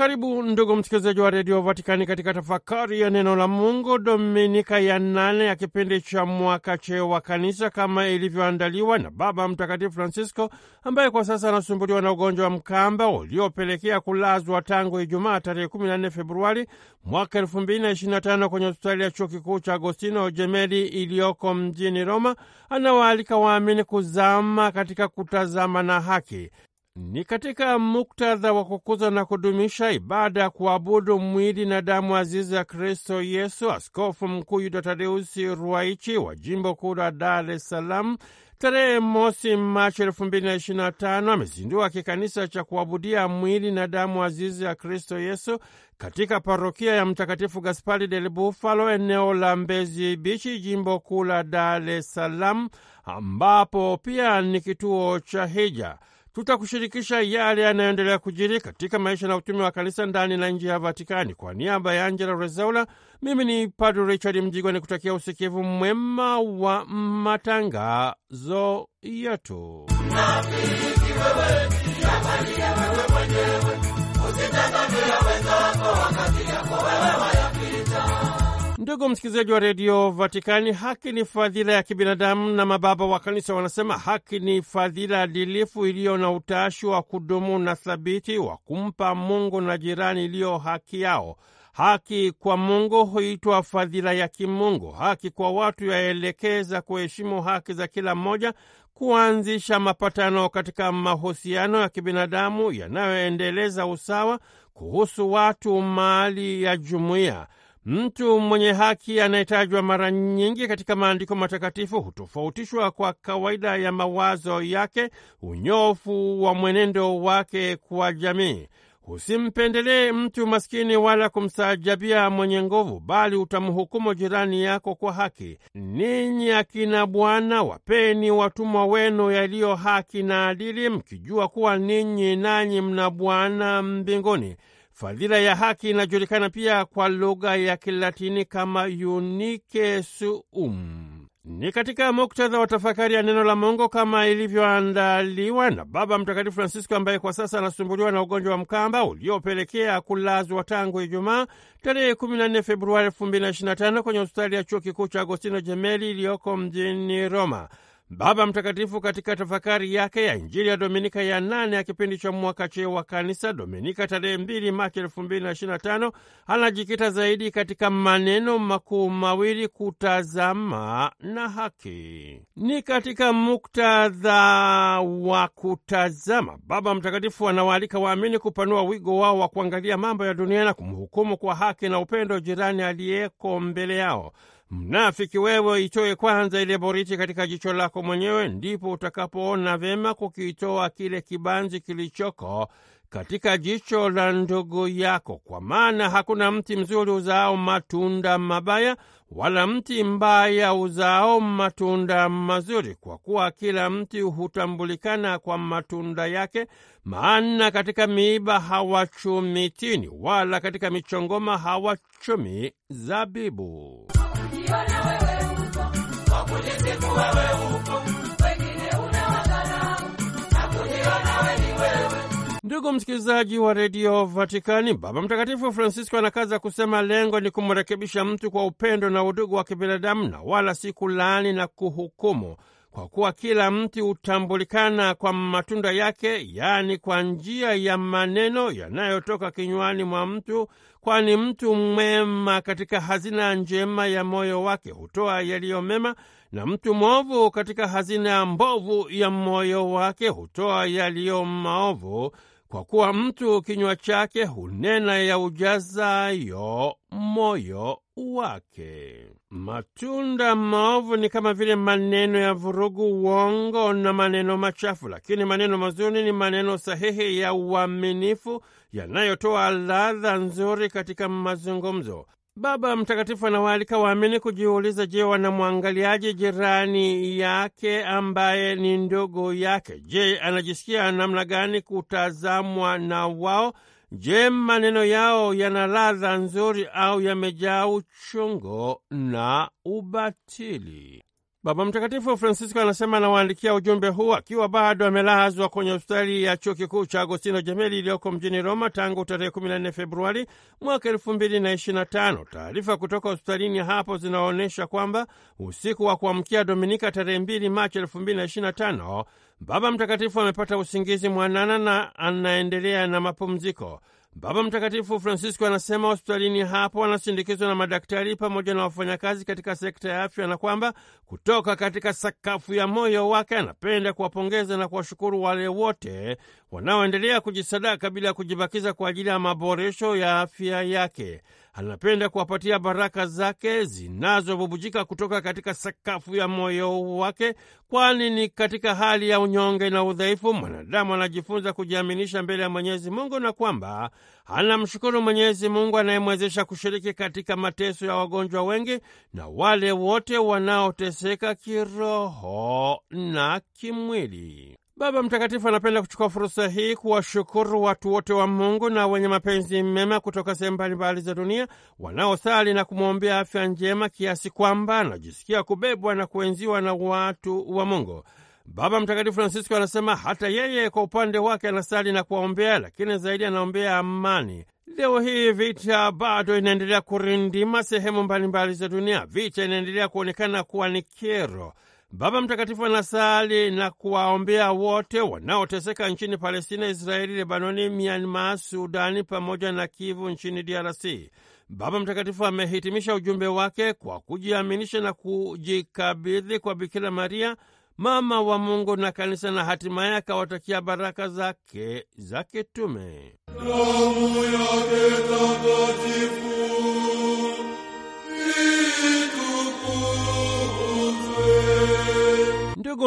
Karibu ndugu msikilizaji wa redio Vatikani katika tafakari ya neno la Mungu, dominika ya nane ya kipindi cha mwaka cheo wa kanisa, kama ilivyoandaliwa na Baba Mtakatifu Francisco, ambaye kwa sasa anasumbuliwa na ugonjwa wa mkamba uliopelekea kulazwa tangu Ijumaa tarehe 14 Februari mwaka 2025 kwenye hospitali ya chuo kikuu cha Agostino jemeli iliyoko mjini Roma. Anawaalika waamini kuzama katika kutazama na haki ni katika muktadha wa kukuza na kudumisha ibada ya kuabudu mwili na damu azizi ya Kristo Yesu, Askofu Mkuu Yuda Tadeusi Ruaichi wa jimbo kuu la Dar es Salaam tarehe mosi Machi elfu mbili na ishirini na tano amezindua kikanisa cha kuabudia mwili na damu azizi ya Kristo Yesu katika parokia ya Mtakatifu Gaspari del Bufalo, eneo la Mbezi Bichi, jimbo kuu la Dar es Salaam, ambapo pia ni kituo cha hija tutakushirikisha yale yanayoendelea kujiri katika maisha na utumi wa kanisa ndani na nje ya Vatikani. Kwa niaba ya Angela Rezaula, mimi ni Padre Richard Mjigwa ni kutakia usikivu mwema wa matangazo yetu. Ndugu msikilizaji wa redio Vatikani, haki ni fadhila ya kibinadamu, na mababa wa kanisa wanasema haki ni fadhila adilifu iliyo na utashi wa kudumu na thabiti wa kumpa Mungu na jirani iliyo haki yao. Haki kwa Mungu huitwa fadhila ya kimungu. Haki kwa watu yaelekeza kuheshimu haki za kila mmoja, kuanzisha mapatano katika mahusiano ya kibinadamu yanayoendeleza usawa kuhusu watu, mali ya jumuiya. Mtu mwenye haki anayetajwa mara nyingi katika maandiko matakatifu hutofautishwa kwa kawaida ya mawazo yake, unyofu wa mwenendo wake kwa jamii. Usimpendelee mtu maskini wala kumsajabia mwenye nguvu, bali utamhukumu jirani yako kwa haki. Ninyi akina bwana, wapeni watumwa wenu yaliyo haki na adili, mkijua kuwa ninyi nanyi mna Bwana mbinguni. Fadhila ya haki inajulikana pia kwa lugha ya Kilatini kama unike suum. Ni katika muktadha wa tafakari ya neno la Mungu kama ilivyoandaliwa na Baba Mtakatifu Francisco, ambaye kwa sasa anasumbuliwa na ugonjwa wa mkamba uliopelekea kulazwa tangu Ijumaa tarehe 14 Februari 2025 kwenye hospitali ya chuo kikuu cha Agostino Jemeli iliyoko mjini Roma. Baba Mtakatifu katika tafakari yake ya Injili ya Dominika ya nane ya kipindi cha mwaka C wa Kanisa, Dominika tarehe 2 Machi 2025, anajikita zaidi katika maneno makuu mawili: kutazama na haki. Ni katika muktadha wa kutazama, Baba Mtakatifu anawaalika waamini kupanua wigo wao wa kuangalia mambo ya dunia na kumhukumu kwa haki na upendo jirani aliyeko mbele yao. Mnafiki wewe, itoe kwanza ile boriti katika jicho lako mwenyewe, ndipo utakapoona vema kukitoa kile kibanzi kilichoko katika jicho la ndugu yako, kwa maana hakuna mti mzuri uzao matunda mabaya, wala mti mbaya uzao matunda mazuri, kwa kuwa kila mti hutambulikana kwa matunda yake. Maana katika miiba hawachumi tini, wala katika michongoma hawachumi zabibu. Ndugu msikilizaji wa redio Vatikani, Baba Mtakatifu Francisco anakaza kusema lengo ni kumrekebisha mtu kwa upendo na udugu wa kibinadamu na wala si kulaani na kuhukumu, kwa kuwa kila mti hutambulikana kwa matunda yake, yaani kwa njia ya maneno yanayotoka kinywani mwa mtu, kwani mtu mwema katika hazina njema ya moyo wake hutoa yaliyo mema na mtu mwovu katika hazina ya mbovu ya moyo wake hutoa yaliyo maovu kwa kuwa mtu kinywa chake hunena ya ujazayo moyo wake. Matunda maovu ni kama vile maneno ya vurugu, uongo na maneno machafu, lakini maneno mazuri ni maneno sahihi ya uaminifu yanayotoa ladha nzuri katika mazungumzo. Baba Mtakatifu anawaalika waamini kujiuliza, je, wanamwangaliaje jirani yake ambaye ni ndugu yake? Je, anajisikia namna gani kutazamwa na wao? Je, maneno yao yana ladha nzuri au yamejaa uchungu na ubatili? Baba Mtakatifu Francisco anasema anawaandikia ujumbe huu akiwa bado amelazwa kwenye hospitali ya chuo kikuu cha Agostino Jemeli iliyoko mjini Roma tangu tarehe 14 Februari mwaka 2025. Taarifa kutoka hospitalini hapo zinaonyesha kwamba usiku wa kuamkia Dominika tarehe 2 Machi 2025, Baba Mtakatifu amepata usingizi mwanana na anaendelea na mapumziko. Baba Mtakatifu Francisco anasema hospitalini hapo wanasindikizwa na madaktari pamoja na wafanyakazi katika sekta ya afya, na kwamba kutoka katika sakafu ya moyo wake anapenda kuwapongeza na kuwashukuru wale wote wanaoendelea kujisadaka bila kujibakiza kwa ajili ya maboresho ya afya yake anapenda kuwapatia baraka zake zinazobubujika kutoka katika sakafu ya moyo wake, kwani ni katika hali ya unyonge na udhaifu mwanadamu anajifunza kujiaminisha mbele ya Mwenyezi Mungu na kwamba anamshukuru Mwenyezi Mungu anayemwezesha kushiriki katika mateso ya wagonjwa wengi na wale wote wanaoteseka kiroho na kimwili. Baba Mtakatifu anapenda kuchukua fursa hii kuwashukuru watu wote wa Mungu na wenye mapenzi mema kutoka sehemu mbalimbali za dunia wanaosali na kumwombea afya njema kiasi kwamba anajisikia kubebwa na kuenziwa na watu wa Mungu. Baba Mtakatifu Francisco anasema hata yeye kwa upande wake anasali na kuwaombea, lakini zaidi anaombea amani. Leo hii vita bado inaendelea kurindima sehemu mbalimbali za dunia. Vita inaendelea kuonekana kuwa ni kero Baba Mtakatifu anasali na kuwaombea wote wanaoteseka nchini Palestina, Israeli, Lebanoni, Myanmar, Sudani pamoja na Kivu nchini DRC. Baba Mtakatifu amehitimisha ujumbe wake kwa kujiaminisha na kujikabidhi kwa Bikira Maria, mama wa Mungu na Kanisa, na hatimaye akawatakia baraka zake za kitume.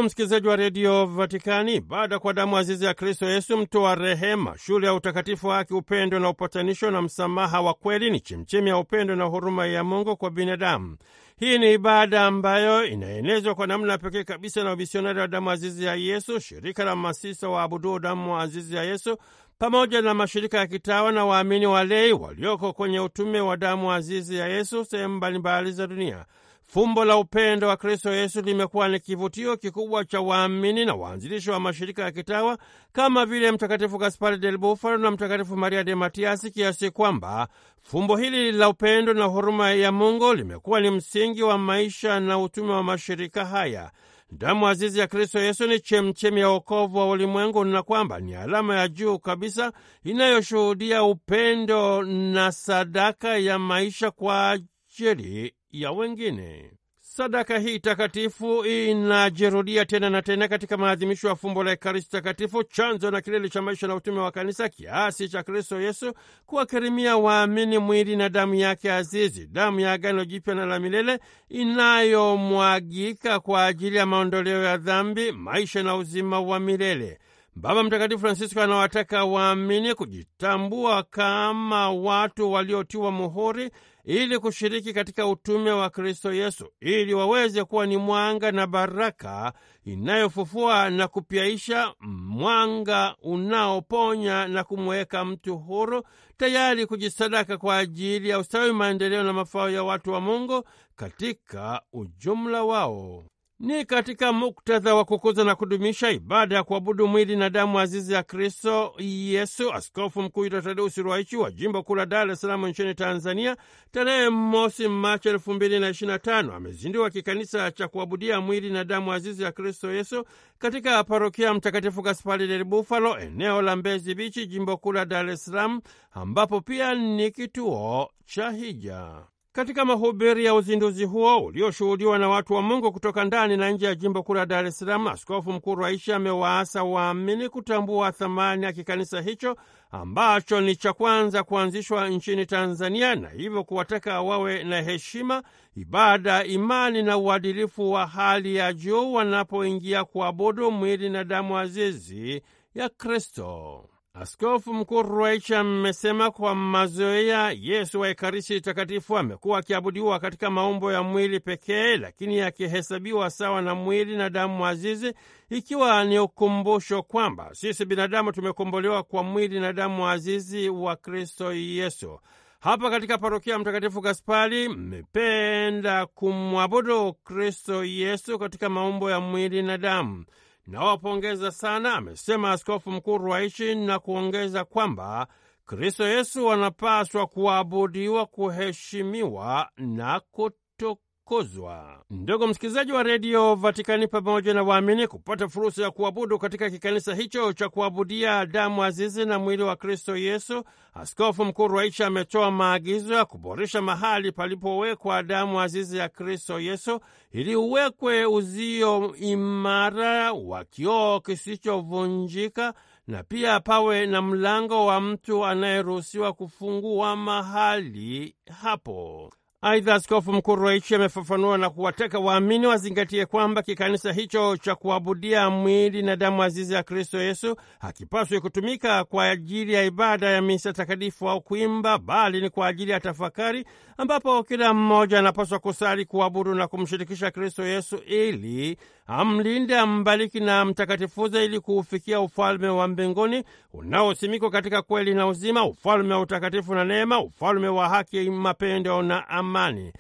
msikilizaji wa redio Vatikani, baada kwa damu azizi ya Kristo Yesu, wa rehema, shule ya utakatifu wake, upendo na upatanisho na msamaha wa kweli, ni chemchemi ya upendo na huruma ya Mungu kwa binadamu. Hii ni ibada ambayo inaenezwa kwa namna pekee kabisa na umisionari wa damu azizi ya Yesu, shirika la masisa wa abuduo damu azizi ya Yesu pamoja na mashirika ya kitawa na waamini walei walioko kwenye utume wa damu azizi ya Yesu sehemu mbalimbali za dunia. Fumbo la upendo wa Kristo Yesu limekuwa ni kivutio kikubwa cha waamini na waanzilishi wa mashirika ya kitawa kama vile Mtakatifu Gaspari del Bufalo na Mtakatifu Maria de Matiasi, kiasi kwamba fumbo hili la upendo na huruma ya Mungu limekuwa ni msingi wa maisha na utume wa mashirika haya. Damu azizi ya Kristo Yesu ni chemchemi ya wokovu wa ulimwengu na kwamba ni alama ya juu kabisa inayoshuhudia upendo na sadaka ya maisha kwa ajili ya wengine. Sadaka hii takatifu inajirudia tena na tena katika maadhimisho ya fumbo la Ekaristi Takatifu, chanzo na kilele cha maisha na utume wa Kanisa, kiasi cha Kristo Yesu kuwakirimia waamini mwili na damu yake azizi, damu ya agano jipya na la milele inayomwagika kwa ajili ya maondoleo ya dhambi, maisha na uzima wa milele. Baba Mtakatifu Francisco anawataka waamini kujitambua kama watu waliotiwa muhuri ili kushiriki katika utume wa Kristo Yesu, ili waweze kuwa ni mwanga na baraka inayofufua na kupyaisha, mwanga unaoponya na kumweka mtu huru, tayari kujisadaka kwa ajili ya ustawi, maendeleo na mafao ya watu wa Mungu katika ujumla wao ni katika muktadha wa kukuza na kudumisha ibada ya kuabudu mwili na damu azizi ya Kristo Yesu, Askofu Mkuu Yuda Tadeusi Ruwaichi wa jimbo kuu la Dar es Salaam nchini Tanzania, tarehe mosi Machi elfu mbili na ishirini na tano amezindua kikanisa cha kuabudia mwili na damu azizi ya Kristo Yesu katika parokia Mtakatifu Gaspari del Bufalo, eneo la Mbezi Bichi, jimbo kuu la Dar es Salaam, ambapo pia ni kituo cha hija. Katika mahubiri ya uzinduzi huo ulioshuhudiwa na watu wa Mungu kutoka ndani na nje ya jimbo kuu la Dar es Salaam, Askofu Mkuu Raishi amewaasa waamini kutambua thamani ya kikanisa hicho ambacho ni cha kwanza kuanzishwa nchini Tanzania, na hivyo kuwataka wawe na heshima, ibada, imani na uadilifu wa hali ya juu wanapoingia kuabudu mwili na damu azizi ya Kristo. Askofu mkuu Rwaicha amesema kwa mazoea, Yesu wa Ekaristi Takatifu amekuwa akiabudiwa katika maumbo ya mwili pekee, lakini akihesabiwa sawa na mwili na damu azizi, ikiwa ni ukumbusho kwamba sisi binadamu tumekombolewa kwa mwili na damu azizi wa Kristo Yesu. Hapa katika parokia ya Mtakatifu Gaspari mmependa kumwabudu Kristo Yesu katika maumbo ya mwili na damu nawapongeza sana, amesema Askofu Mkuu Ruwaishi na kuongeza kwamba Kristo Yesu wanapaswa kuabudiwa, kuheshimiwa na kutukuzwa kukuzwa. Ndugu msikilizaji wa redio Vatikani, pamoja na waamini kupata fursa ya kuabudu katika kikanisa hicho cha kuabudia damu azizi na mwili wa Kristo Yesu, Askofu Mkuu Rwaicha ametoa maagizo ya kuboresha mahali palipowekwa damu azizi ya Kristo Yesu ili uwekwe uzio imara wa kioo kisichovunjika na pia pawe na mlango wa mtu anayeruhusiwa kufungua mahali hapo. Aidha, askofu mkuu Roichi amefafanua na kuwataka waamini wazingatie kwamba kikanisa hicho cha kuabudia mwili na damu azizi ya Kristo Yesu hakipaswi kutumika kwa ajili ya ibada ya misa takatifu au kuimba, bali ni kwa ajili ya tafakari, ambapo kila mmoja anapaswa kusali, kuabudu na kumshirikisha Kristo Yesu ili amlinde, ambariki na amtakatifuze ili kuufikia ufalme wa mbinguni unaosimikwa katika kweli na uzima, ufalme wa utakatifu na neema, ufalme wa haki, mapendo na amani.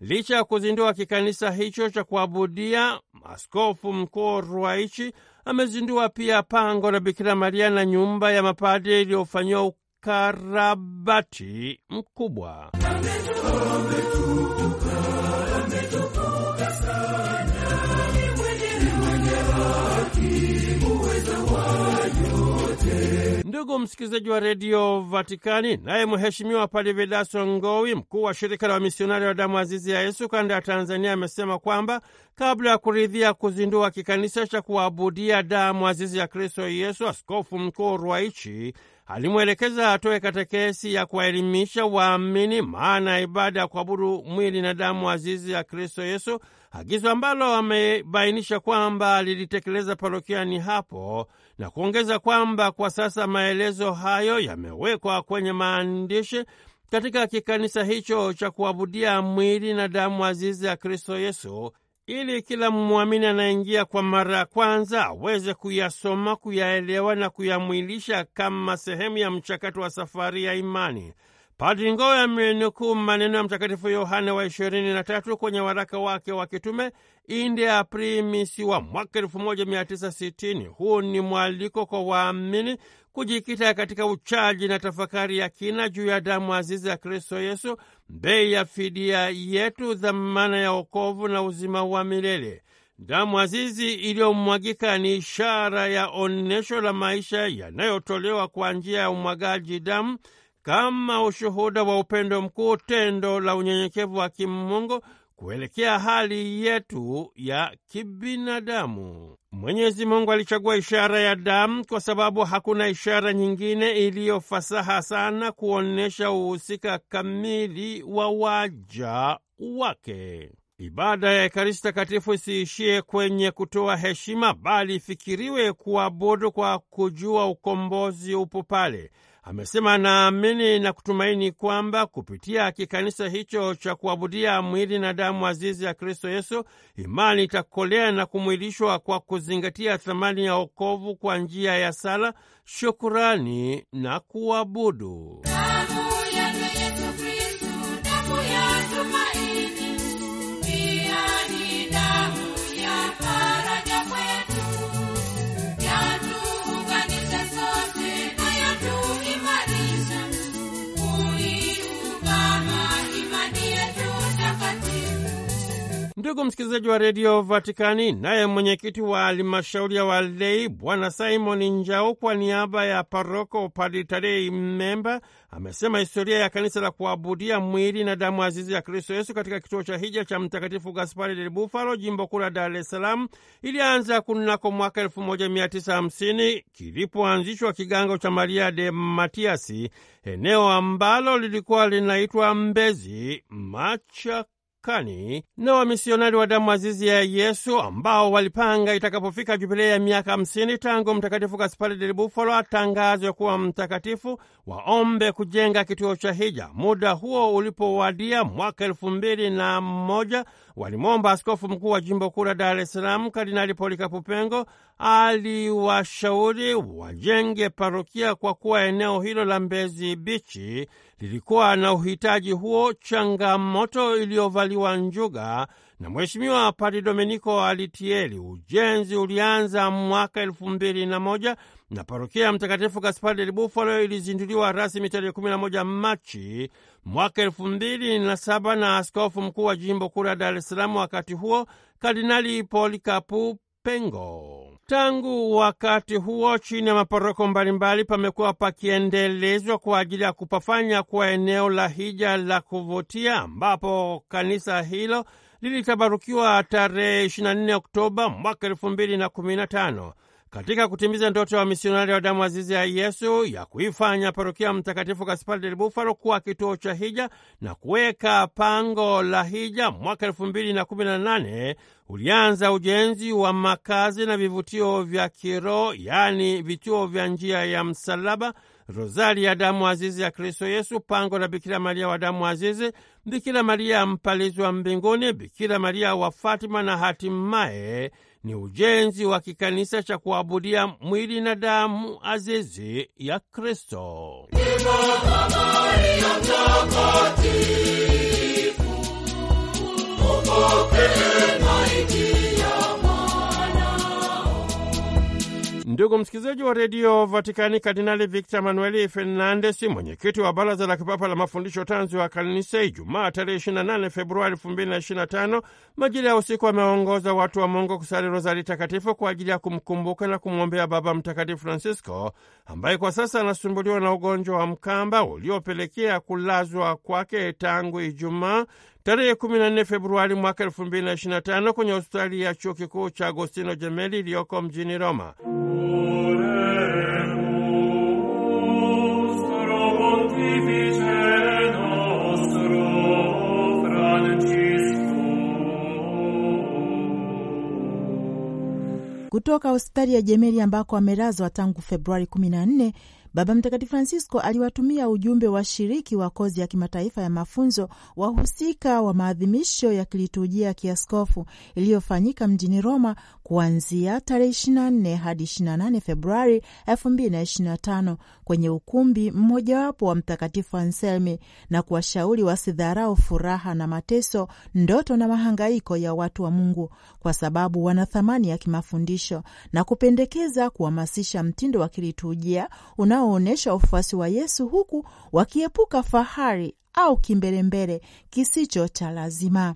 Licha ya kuzindua kikanisa hicho cha kuabudia, Askofu Mkuu Ruwaichi amezindua pia pango la Bikira Maria na nyumba ya mapadre iliyofanyiwa ukarabati mkubwa. Ndugu msikilizaji wa redio Vatikani, naye Mheshimiwa Padre Vedaso Ngowi, mkuu wa shirika la wamisionari wa damu azizi ya Yesu kanda ya Tanzania, amesema kwamba kabla ya kuridhia kuzindua kikanisa cha kuabudia damu azizi ya Kristo Yesu, askofu mkuu Rwaichi alimwelekeza atoe katekesi ya kuwaelimisha waamini maana ya ibada ya kuabudu mwili na damu azizi ya Kristo Yesu, agizo ambalo amebainisha kwamba alilitekeleza parokiani hapo na kuongeza kwamba kwa sasa maelezo hayo yamewekwa kwenye maandishi katika kikanisa hicho cha kuabudia mwili na damu azizi ya Kristo Yesu ili kila mwamini anaingia kwa mara ya kwanza aweze kuyasoma, kuyaelewa na kuyamwilisha kama sehemu ya mchakato wa safari ya imani. Padri Ngoo amenukuu maneno ya Mtakatifu Yohane wa 23 kwenye waraka wake wa kitume Inde Aprimisi wa mwaka 1960. Huu ni mwaliko kwa waamini kujikita katika uchaji na tafakari ya kina juu ya damu azizi ya Kristo Yesu, bei ya fidia yetu, dhamana ya wokovu na uzima wa milele. Damu azizi iliyomwagika ni ishara ya onesho la maisha yanayotolewa kwa njia ya umwagaji damu kama ushuhuda wa upendo mkuu, tendo la unyenyekevu wa kimungu kuelekea hali yetu ya kibinadamu. Mwenyezi Mungu alichagua ishara ya damu kwa sababu hakuna ishara nyingine iliyofasaha sana kuonyesha uhusika kamili wa waja wake. Ibada ya Ekaristi Takatifu isiishie kwenye kutoa heshima, bali ifikiriwe kuabudu kwa kujua ukombozi upo pale. Amesema naamini na kutumaini kwamba kupitia kikanisa hicho cha kuabudia mwili na damu azizi ya Kristo Yesu, imani itakolea na kumwilishwa kwa kuzingatia thamani ya wokovu kwa njia ya sala, shukurani na kuabudu. Ndugu msikilizaji wa redio Vatikani, naye mwenyekiti wa halmashauri ya walei Bwana Simoni Njau, kwa niaba ya paroko Padri Tadei Mmemba, amesema historia ya kanisa la kuabudia mwili na damu azizi ya Kristo Yesu katika kituo cha hija cha Mtakatifu Gaspari del Bufalo, jimbo kuu la Dar es Salaam, ilianza kunako mwaka 1950 kilipoanzishwa kigango cha Maria de Matiasi, eneo ambalo lilikuwa linaitwa Mbezi Macha Vatikani na wamisionari wa damu azizi ya Yesu ambao walipanga itakapofika jubilei ya miaka hamsini tangu Mtakatifu Gaspari del Bufalo atangazwe kuwa mtakatifu waombe kujenga kituo cha hija. Muda huo ulipowadia mwaka elfu mbili na moja walimwomba askofu mkuu wa jimbo kuu la Dar es Salaam Kardinali Polikapu Pengo aliwashauri wajenge parokia kwa kuwa eneo hilo la Mbezi Bichi lilikuwa na uhitaji huo, changamoto iliyovaliwa njuga na Mheshimiwa Padri Domenico Alitieli. Ujenzi ulianza mwaka elfu mbili na moja na parokia ya Mtakatifu Gaspari del Bufalo ilizinduliwa rasmi tarehe 11 Machi mwaka mbili na askofu mkuu wa jimbo kuu la Dar es Salaam wakati huo Kardinali Polikapu Pengo. Tangu wakati huo chini ya maporoko mbalimbali pamekuwa pakiendelezwa kwa ajili ya kupafanya kuwa eneo la hija la kuvutia, ambapo kanisa hilo lilitabarukiwa tarehe 24 Oktoba mwaka 215 katika kutimiza ndoto ya misionari wa damu azizi ya Yesu ya kuifanya parokia Mtakatifu Gaspari del Bufalo kuwa kituo cha hija na kuweka pango la hija, mwaka elfu mbili na kumi na nane ulianza ujenzi wa makazi na vivutio vya kiroho, yaani vituo vya njia ya msalaba Rozari ya damu azizi ya Kristo Yesu, pango la Bikira Maria wa damu azizi, Bikira Maria wa mbinguni, Bikira Maria wa Fatima na hatimaye ni ujenzi wa kikanisa cha kuabudia mwili na damu azizi ya Kristo. Ndugu msikilizaji wa redio Vatikani, Kardinali Victor Manueli Fernandesi, mwenyekiti wa baraza la kipapa la mafundisho tanzi wa kanisa, Ijumaa tarehe 28 Februari 2025 majira ya usiku, ameongoza watu wa Mungu kusali rozari takatifu kwa ajili ya kumkumbuka na kumwombea Baba Mtakatifu Francisco ambaye kwa sasa anasumbuliwa na ugonjwa wa mkamba uliopelekea kulazwa kwake tangu Ijumaa tarehe 14 Februari mwaka 2025 kwenye hospitali ya chuo kikuu cha Agostino jemeli iliyoko mjini Roma. Kutoka hospitali ya Jemeli ambako amelazwa tangu Februari 14 Baba Mtakatifu Francisco aliwatumia ujumbe washiriki wa kozi ya kimataifa ya mafunzo wahusika wa maadhimisho ya kiliturujia kiaskofu iliyofanyika mjini Roma kuanzia tarehe 24 hadi 28 Februari 2025 kwenye ukumbi mmojawapo wa Mtakatifu Anselmi na kuwashauri wasidharau furaha na mateso, ndoto na mahangaiko ya watu wa Mungu kwa sababu wana thamani ya kimafundisho na kupendekeza kuhamasisha mtindo wa kiliturujia unaoonyesha ufuasi wa Yesu huku wakiepuka fahari au kimbelembele kisicho cha lazima.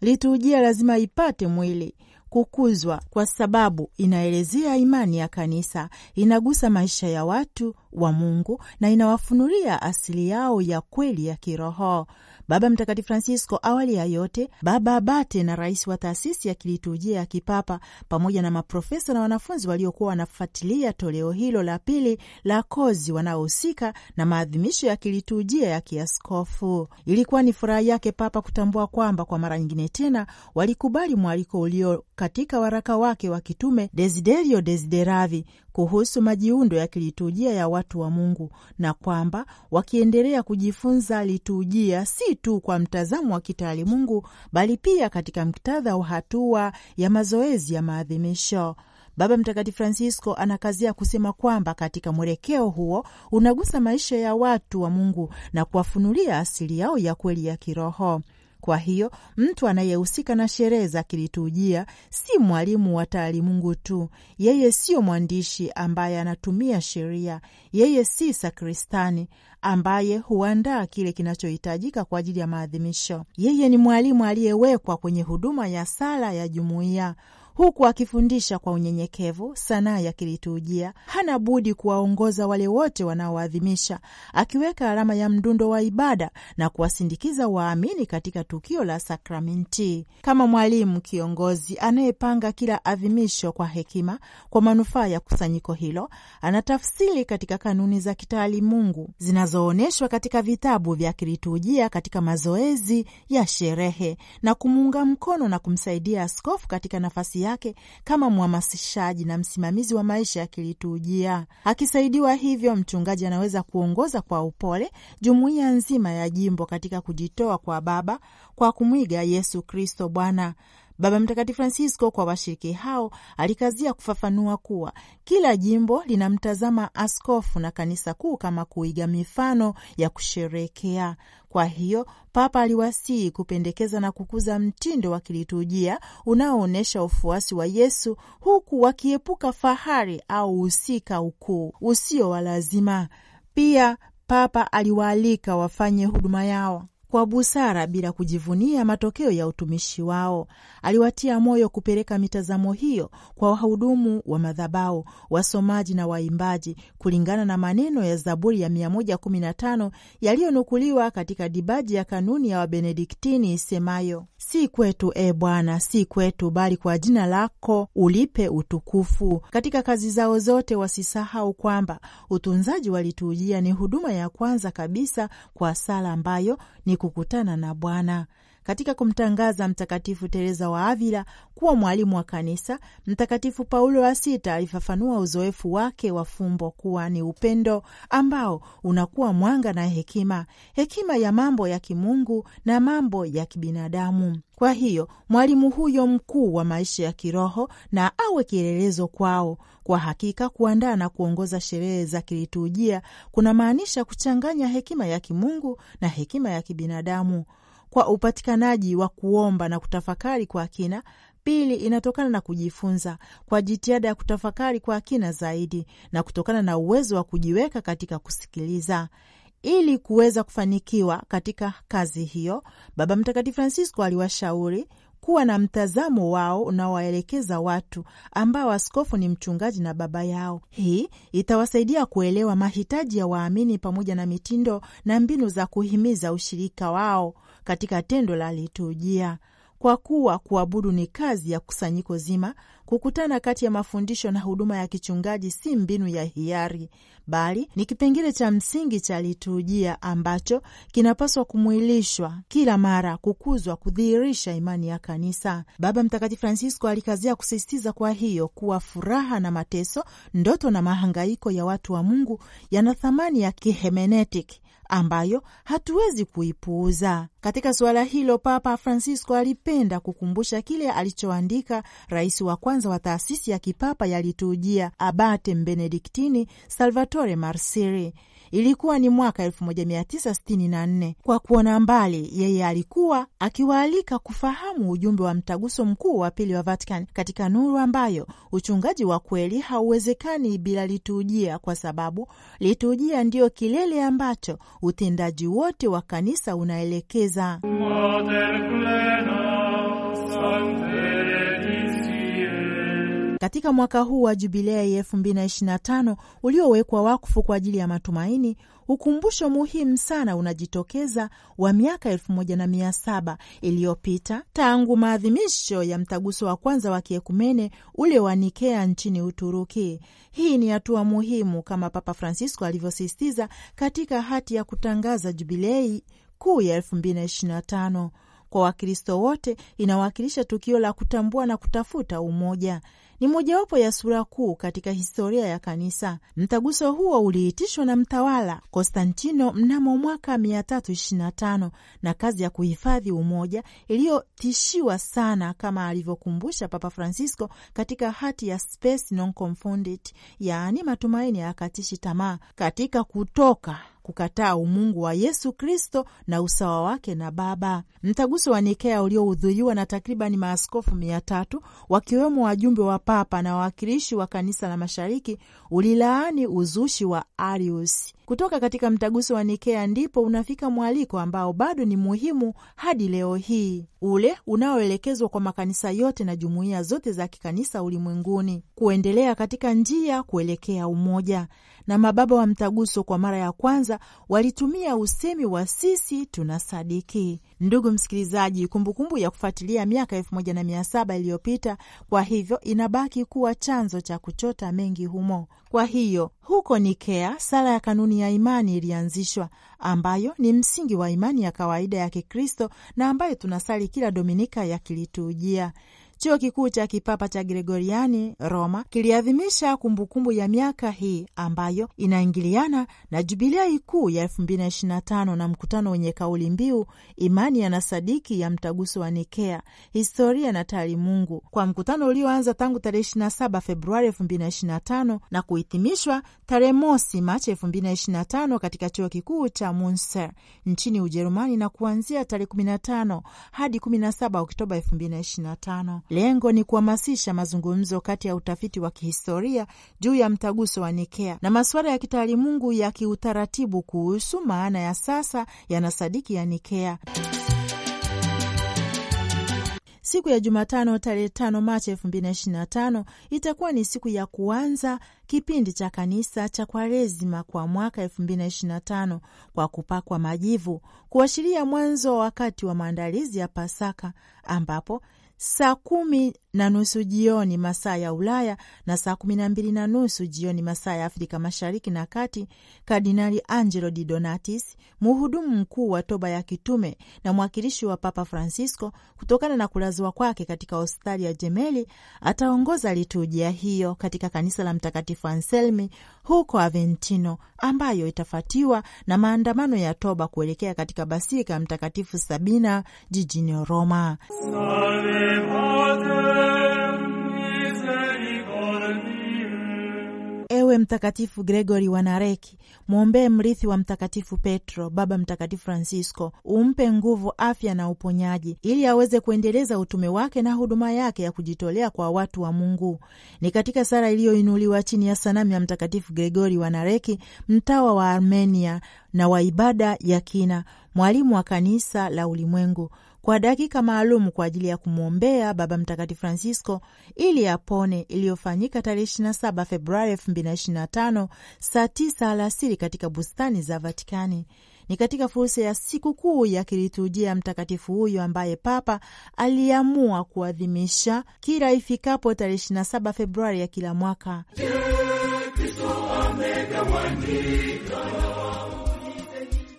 Liturujia lazima ipate mwili kukuzwa, kwa sababu inaelezea imani ya Kanisa, inagusa maisha ya watu wa Mungu na inawafunulia asili yao ya kweli ya kiroho. Baba Mtakatifu Francisco, awali ya yote, baba abate na rais wa taasisi ya kiliturujia ya kipapa pamoja na maprofesa na wanafunzi waliokuwa wanafuatilia toleo hilo la pili la kozi wanaohusika na maadhimisho ya kiliturujia ya kiaskofu. Ilikuwa ni furaha yake papa kutambua kwamba kwa mara nyingine tena walikubali mwaliko ulio katika waraka wake wa kitume Desiderio Desideravi kuhusu majiundo ya kiliturujia ya watu wa Mungu na kwamba wakiendelea kujifunza liturujia si tu kwa mtazamo wa kitaalimungu bali pia katika muktadha wa hatua ya mazoezi ya maadhimisho. Baba Mtakatifu Francisco anakazia kusema kwamba katika mwelekeo huo unagusa maisha ya watu wa Mungu na kuwafunulia asili yao ya kweli ya kiroho. Kwa hiyo mtu anayehusika na sherehe za kiliturujia si mwalimu wa taalimungu tu. Yeye siyo mwandishi ambaye anatumia sheria. Yeye si sakristani ambaye huandaa kile kinachohitajika kwa ajili ya maadhimisho. Yeye ni mwalimu aliyewekwa kwenye huduma ya sala ya jumuiya, huku akifundisha kwa unyenyekevu sanaa ya kiliturujia. Hana budi kuwaongoza wale wote wanaoadhimisha, akiweka alama ya mdundo wa ibada na kuwasindikiza waamini katika tukio la sakramenti, kama mwalimu kiongozi anayepanga kila adhimisho kwa hekima kwa manufaa ya kusanyiko hilo. Anatafsiri katika kanuni za kitaalimungu zinazoonyeshwa katika vitabu vya kiliturujia katika mazoezi ya sherehe na kumuunga mkono na kumsaidia askofu katika nafasi yake kama mhamasishaji na msimamizi wa maisha ya kiliturujia. Akisaidiwa hivyo, mchungaji anaweza kuongoza kwa upole jumuiya nzima ya jimbo katika kujitoa kwa Baba kwa kumwiga Yesu Kristo Bwana. Baba Mtakatifu Francisco kwa washiriki hao alikazia kufafanua kuwa kila jimbo linamtazama askofu na kanisa kuu kama kuiga mifano ya kusherekea. Kwa hiyo Papa aliwasihi kupendekeza na kukuza mtindo wa kiliturujia unaoonyesha ufuasi wa Yesu, huku wakiepuka fahari au husika ukuu usio wa lazima. Pia Papa aliwaalika wafanye huduma yao kwa busara bila kujivunia matokeo ya utumishi wao. Aliwatia moyo kupeleka mitazamo hiyo kwa wahudumu wa madhabahu, wasomaji na waimbaji, kulingana na maneno ya Zaburi ya 115 yaliyonukuliwa katika dibaji ya kanuni ya Wabenediktini isemayo si kwetu, e Bwana, si kwetu, bali kwa jina lako ulipe utukufu. Katika kazi zao zote wasisahau kwamba utunzaji walitujia ni huduma ya kwanza kabisa kwa sala ambayo ni kukutana na Bwana katika kumtangaza Mtakatifu tereza wa Avila kuwa mwalimu wa Kanisa, Mtakatifu Paulo wa Sita alifafanua uzoefu wake wa fumbo kuwa ni upendo ambao unakuwa mwanga na hekima, hekima ya mambo ya kimungu na mambo ya kibinadamu. Kwa hiyo mwalimu huyo mkuu wa maisha ya kiroho na awe kielelezo kwao. Kwa hakika kuandaa na kuongoza sherehe za kiliturujia kunamaanisha kuchanganya hekima ya kimungu na hekima ya kibinadamu kwa upatikanaji wa kuomba na kutafakari kwa kina. Pili, inatokana na kujifunza kwa jitihada ya kutafakari kwa kina zaidi na kutokana na uwezo wa kujiweka katika kusikiliza. Ili kuweza kufanikiwa katika kazi hiyo, Baba Mtakatifu Francisco aliwashauri kuwa na mtazamo wao unaowaelekeza watu ambao askofu ni mchungaji na baba yao. Hii itawasaidia kuelewa mahitaji ya waamini pamoja na mitindo na mbinu za kuhimiza ushirika wao katika tendo la liturujia, kwa kuwa kuabudu ni kazi ya kusanyiko zima. Kukutana kati ya mafundisho na huduma ya kichungaji si mbinu ya hiari, bali ni kipengele cha msingi cha liturujia ambacho kinapaswa kumwilishwa kila mara, kukuzwa, kudhihirisha imani ya Kanisa. Baba Mtakatifu Francisco alikazia kusisitiza kwa hiyo kuwa furaha na mateso, ndoto na mahangaiko ya watu wa Mungu yana thamani ya kihemenetiki ambayo hatuwezi kuipuuza. Katika suala hilo, Papa Francisco alipenda kukumbusha kile alichoandika rais wa kwanza wa taasisi ya kipapa ya liturujia Abate Benediktini Salvatore Marsiri. Ilikuwa ni mwaka 1964. Kwa kuona mbali, yeye alikuwa akiwaalika kufahamu ujumbe wa mtaguso mkuu wa pili wa Vatican katika nuru ambayo uchungaji wa kweli hauwezekani bila liturujia, kwa sababu liturujia ndiyo kilele ambacho utendaji wote wa kanisa unaelekeza Mater plena, katika mwaka huu wa jubilei 2025 uliowekwa wakfu kwa ajili ya matumaini. Ukumbusho muhimu sana unajitokeza wa miaka elfu moja na mia saba iliyopita tangu maadhimisho ya mtaguso wa kwanza wa kiekumene ule wa Nikea nchini Uturuki. Hii ni hatua muhimu kama Papa Francisco alivyosisitiza katika hati ya kutangaza jubilei kuu ya 2025. Kwa Wakristo wote inawakilisha tukio la kutambua na kutafuta umoja ni mojawapo ya sura kuu katika historia ya kanisa. Mtaguso huo uliitishwa na mtawala Konstantino mnamo mwaka 325 na kazi ya kuhifadhi umoja iliyotishiwa sana, kama alivyokumbusha Papa Francisco katika hati ya Spes Non Confundit, yaani matumaini hayakatishi tamaa, katika Kutoka kukataa umungu wa Yesu Kristo na usawa wake na Baba. Mtaguso wa Nikea uliohudhuriwa na takribani maaskofu mia tatu wakiwemo wajumbe wa Papa na wawakilishi wa kanisa la Mashariki ulilaani uzushi wa Arius. Kutoka katika mtaguso wa Nikea ndipo unafika mwaliko ambao bado ni muhimu hadi leo hii, ule unaoelekezwa kwa makanisa yote na jumuiya zote za kikanisa ulimwenguni kuendelea katika njia kuelekea umoja na mababa wa mtaguso kwa mara ya kwanza walitumia usemi wa sisi tunasadiki. Ndugu msikilizaji, kumbukumbu ya kufuatilia miaka elfu moja na mia saba iliyopita, kwa hivyo inabaki kuwa chanzo cha kuchota mengi humo. Kwa hiyo huko Nikea, sala ya kanuni ya imani ilianzishwa, ambayo ni msingi wa imani ya kawaida ya Kikristo na ambayo tunasali kila Dominika ya kiliturujia. Chuo Kikuu cha Kipapa cha Gregoriani Roma kiliadhimisha kumbukumbu ya miaka hii ambayo inaingiliana na Jubilei kuu ya 2025 na mkutano wenye kauli mbiu imani sadiki ya mtaguso wa Nikea, historia na Mungu, kwa mkutano ulioanza tangu tarehe 27 Februari 2025 na kuhitimishwa tarehe mosi Machi 2025 katika Chuo Kikuu cha Munster nchini Ujerumani na kuanzia tarehe 15 hadi 17 Oktoba 2025. Lengo ni kuhamasisha mazungumzo kati ya utafiti wa kihistoria juu ya mtaguso wa Nikea na masuala ya kitaalimungu ya kiutaratibu kuhusu maana ya sasa sadiki ya Nikea. Siku ya Jumatano tarehe tano Machi elfu mbili na ishirini na tano itakuwa ni siku ya kuanza kipindi cha kanisa cha Kwaresima kwa mwaka elfu mbili na ishirini na tano kwa kupakwa majivu, kuashiria mwanzo wa wakati wa maandalizi ya Pasaka, ambapo saa kumi na nusu jioni masaa ya Ulaya na saa kumi na mbili na nusu jioni masaa ya Afrika Mashariki na Kati, Kardinali Angelo Di Donatis, mhudumu mkuu wa toba ya kitume na mwakilishi wa Papa Francisco kutokana na kulazwa kwake katika hospitali ya Jemeli, ataongoza liturujia hiyo katika kanisa la Mtakatifu Anselmi huko Aventino, ambayo itafatiwa na maandamano ya toba kuelekea katika basilika ya Mtakatifu Sabina jijini Roma. Salve, Ewe Mtakatifu Gregori wa Nareki, mwombee mrithi wa Mtakatifu Petro, Baba Mtakatifu Francisco, umpe nguvu, afya na uponyaji, ili aweze kuendeleza utume wake na huduma yake ya kujitolea kwa watu wa Mungu. Ni katika sala iliyoinuliwa chini ya sanamu ya Mtakatifu Gregori wa Nareki, mtawa wa Armenia na wa ibada ya kina, mwalimu wa kanisa la ulimwengu kwa dakika maalum kwa ajili ya kumwombea Baba Mtakatifu Francisco ili apone, iliyofanyika tarehe 27 Februari 2025 saa 9 alasiri katika bustani za Vatikani. Ni katika fursa ya sikukuu ya kiliturujia ya mtakatifu huyo ambaye Papa aliamua kuadhimisha kila ifikapo tarehe 27 Februari ya kila mwaka.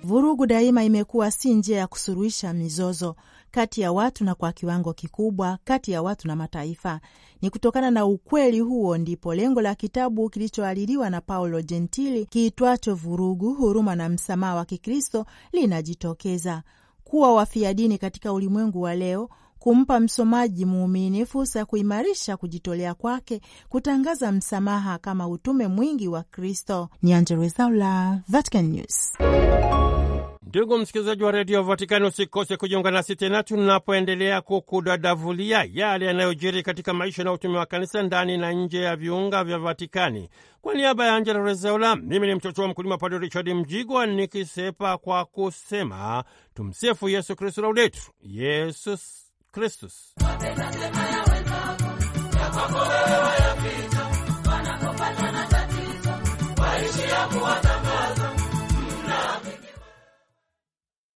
Vurugu daima imekuwa si njia ya kusuluhisha mizozo kati ya watu na kwa kiwango kikubwa kati ya watu na mataifa. Ni kutokana na ukweli huo ndipo lengo la kitabu kilichoaliliwa na Paolo Gentili kiitwacho Vurugu, Huruma na Msamaha wa Kikristo linajitokeza kuwa wafia dini katika ulimwengu wa leo kumpa msomaji muumini fursa ya kuimarisha kujitolea kwake kutangaza msamaha kama utume mwingi wa Kristo. Ni Angella Rwezaula, Vatican News. Ndugu msikilizaji wa redio Vatikani, usikose kujiunga nasi tena tunapoendelea kukudadavulia yale yanayojiri katika maisha na utumi wa kanisa ndani na nje ya viunga vya Vatikani. Kwa niaba ya Angela Rezaula, mimi ni mtoto wa mkulima Padre Richard Mjigwa nikisepa kwa kusema tumsifu Yesu Kristu, udetu Yesus Kristus.